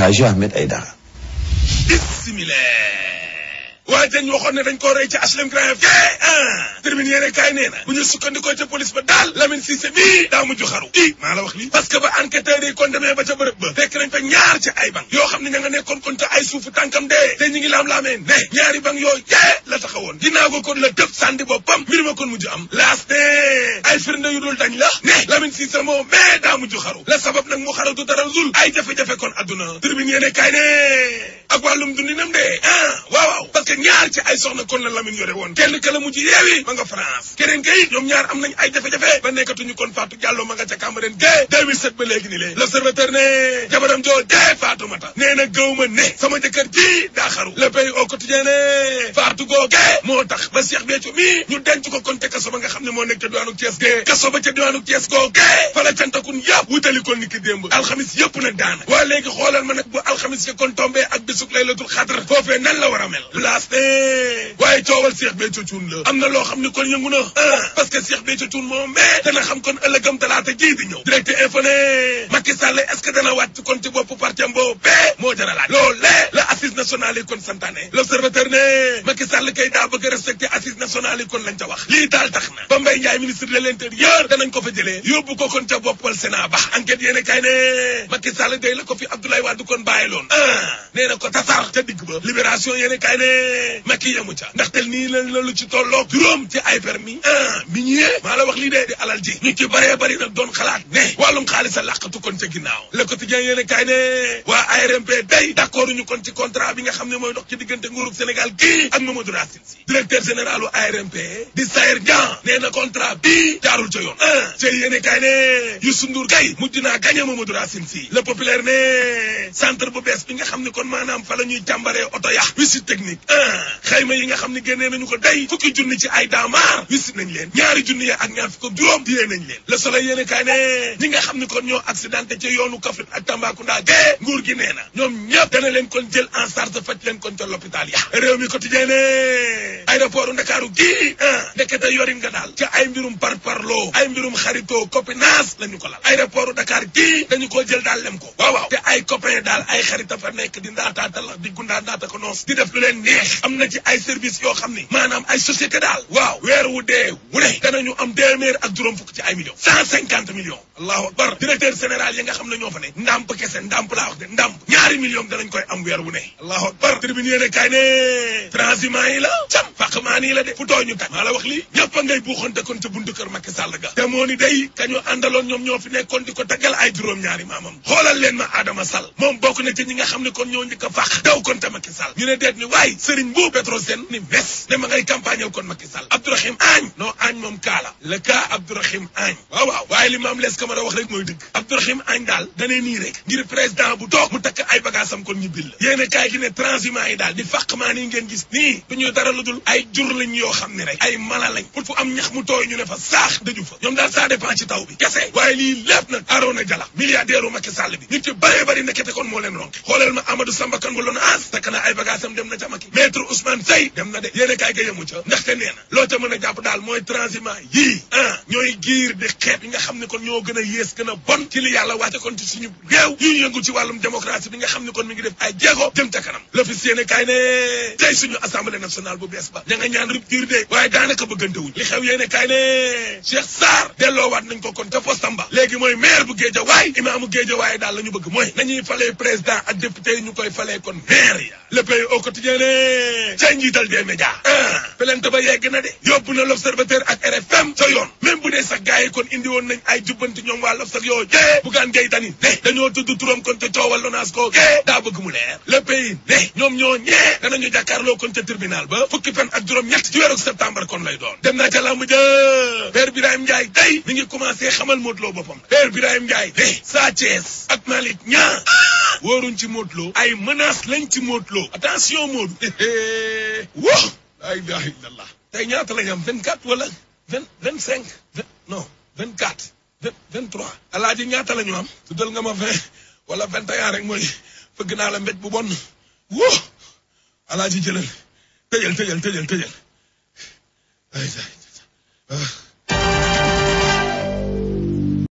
حاجة أحمد أيدها بسم الله waaye dañ waxoon ne dañ koo rey ci HLM Grand Yoff ah termine yéene kaay nee na bu ñu sukkandikoo ca police ba daal Lamine Cissé bii daa mujj xaru i maa la wax lii parce que ba enquêteurs yi kon demee ba ca bërëb ba fekk nañ fa ñaar ci ay bank yoo xam ne ña nga nekkoon kon te ay suufu tànkam dee te ñu ngi laam-laamee ne ñaari bank yoo yee la taxawoon ginnaaw ko kon la dëpp sànni boppam mbir ma kon mujj am laas ne ay firnde yu dul dañ la ne moo mais daa mujj xaru la sabab nag mu xaratu dara ñaar ci ay soxna kon la Lamine yore woon kenn ka la mujj yeewi ma nga France keneen kay ñoom ñaar am nañ ay jafe-jafe ba nekkatuñu kon Fatou Diallo ma nga ca Cameroun ke 2007 ba léegi ni lee l'observateur ne jabaram joo dee Fatou Mata nee na gëw ma ne sama jëkkër ji daa xaru le pays au quotidien googe moo tax ba Cheikh Béthio mi ñu denc ko kon te kaso ba nga xam ne moo nekk ca diwaanu Thiès ke kaso ba ca diwaanu Thiès googe fa la yëpp wutali kon ni ki démb alxamis ma nag bu alxamis ke kon tombé ak bésug laylatul xadr la war a mel Ê, ay coowal la am na loo xam ne kon yëngu na ah parce que ne Macky a la kay daa bëgg a respecté assise nationale yi kon lañ ca wax lii daal tax na ba Mbaye Ndiaye ministre de l'intérieur danañ ko fa jëlee ko kon ca boppal Sénat ba enquête yéene kay ne Macky Sall day la ko fi Abdoulaye Wade kon bàyyi loon ah nee na ko tasaar ca digg ba libération yéene kay ne Macky yemu ca ndax ndaxte nii lañ la lu ci tolloo juróom ci ay permis ah mi ñu maa la wax lii dee di alal ji ñu ci bëree bëri nag doon xalaat ne wàllum xaalis a làqatu kon ca ginnaaw le quotidien yéen a kaay ne waa ARMP day d' ñu kon ci contrat bi nga xam ne mooy dox ci diggante nguurug Sénégal kii ak Mamadou Racine Sy directeur général u ARMP di Sayer Dian nee na contrat bi jaarul ca yoon ah te yéen a kaay mujj naa gagné Mamadou Racine Sy le populaire ne centre bu bees bi nga xam ne kon maanaam fa la ñuy jàmbare oto ya visite technique ah xayma yi nga xam xamni ne nañu ko day fukki jooni ci ay damar wiss nañ leen ñaari jooni ya ak ñaar fukki juróom di nañ leen le soleil yene kay ne ñi nga xamni kon ñoo accidenté ci yoonu kafir ak tambakunda dee nguur gi nee ñom ñepp dana leen kon jël en charge faj leen kon ci l'hôpital ya réew mi quotidien ne aéroport dakaru gi ah ndekete nga dal ci ay mbirum par parlo ay mbirum xarito copinas lañu ko lal aéroport Dakar gi dañu ko jël dal lem ko waaw te ay copain dal ay xarita fa nek di ndaataatal di gunda ndata ko noos di def lu leen neex amna ci ay service yoo xam ni maanaam ay société daal waaw weer wu dee wu ne danañu am téeméer ak juróom fukk ci ay millions cent cinquante millions allahu akbar directeur général yi nga xam ne ñoo fa ne ndàmp kese ndàmp laa wax de ndàmp ñaari millions danañ koy am weer wu ne allahu akbar tribune yéene kaay ne transhumant yi la cam fàq maa nii la de fu tooy ñu taj maa wax lii ñëpp a ngay buuxante kon ca buntu kër Macky Sall ga te moo ni day ka ñu àndaloon ñoom ñoo fi nekkoon di ko taggal ay juróom ñaari maamam xoolal leen ma Adama Sall moom bokk na ci nga xam ne kon ñoo njëkk kon te Macky Sall ñu ne deet ni waay Serigne Mboup bés ne ma ngay campagnal kon Macky Sall Abdourahim Agne non Agne moom kaa la le cas Abdourahim Agne waaw waaw waaye li maam lees Camara wax rek mooy dëgg Abdourahim Agne daal danee nii rek ngir président bu toog mu takk ay bagaasam kon ñu bil la yéen a kaay gi ne transhumant yi daal di fàqmaan yi ngeen gis nii du ñu dara lu dul ay jur lañ yoo xam ne rek ay mala lañ pour fu am ñax mu tooy ñu ne fa saax daju fa ñoom daal ça dépend ci taw bi kese waaye lii lépp nag Arona Dialla milliardaire u Macky Sall bi nit ci bëree bëri nekkete kon moo leen ronk xooleel ma Amadou Samba Kane bu loon as takk na ay bagaasam dem na ca Macky maître Ousmane Sey dem na de yéen a jàpp transiment ah, giir yi nga kon bon ci li yàlla wàcce kon ci suñu ñu yëngu ci démocratie bi nga kon mi ngi def ay kanam l'office ne suñu assemblée nationale bu ba nga ñaan rupture de bëggante wuñ li xew ne Cheikh nañ ko kon maire bu bëgg nañuy président ak député kon maire ya le pays au quotidien ne média plainte ba yegg na de yóbbu na l'observateur ak RFM sa yoon même bu dee sax gars yi kon indi woon nañ ay jubbanti ñoom waa lof sax yoo jee Bougane Gueye Dany ne dañoo tudd turam kon ca coowal lonaas koo gee daa bëgg mu leer le pays ñoom ñoo ñee danañu jàkkaarloo kon ca tribunal ba fukki fan ak juróom ñett ci weeru septembre kon lay doon dem na ca lamb ja Père Birahim Ndiaye tey mi ngi commencé xamal Modou Lo boppam Père Birahim Ndiaye ne Sa Thiès ak Malick Niang wóoruñ ci Modou Lo ay menaces lañ ci Modou Lo attention Modou wo la ilaha illallah tey ñaata lañ am vingt quatre wala vingt vingt cinq non vingt quatre vingt trois alaaji ñaata la ñu am tuddal nga ma vingt wala vingt et un rek mooy fëgg naa la mbéj bu bon wo alaaji jëlal tëjal tëjal tëjal tëjal ay ah.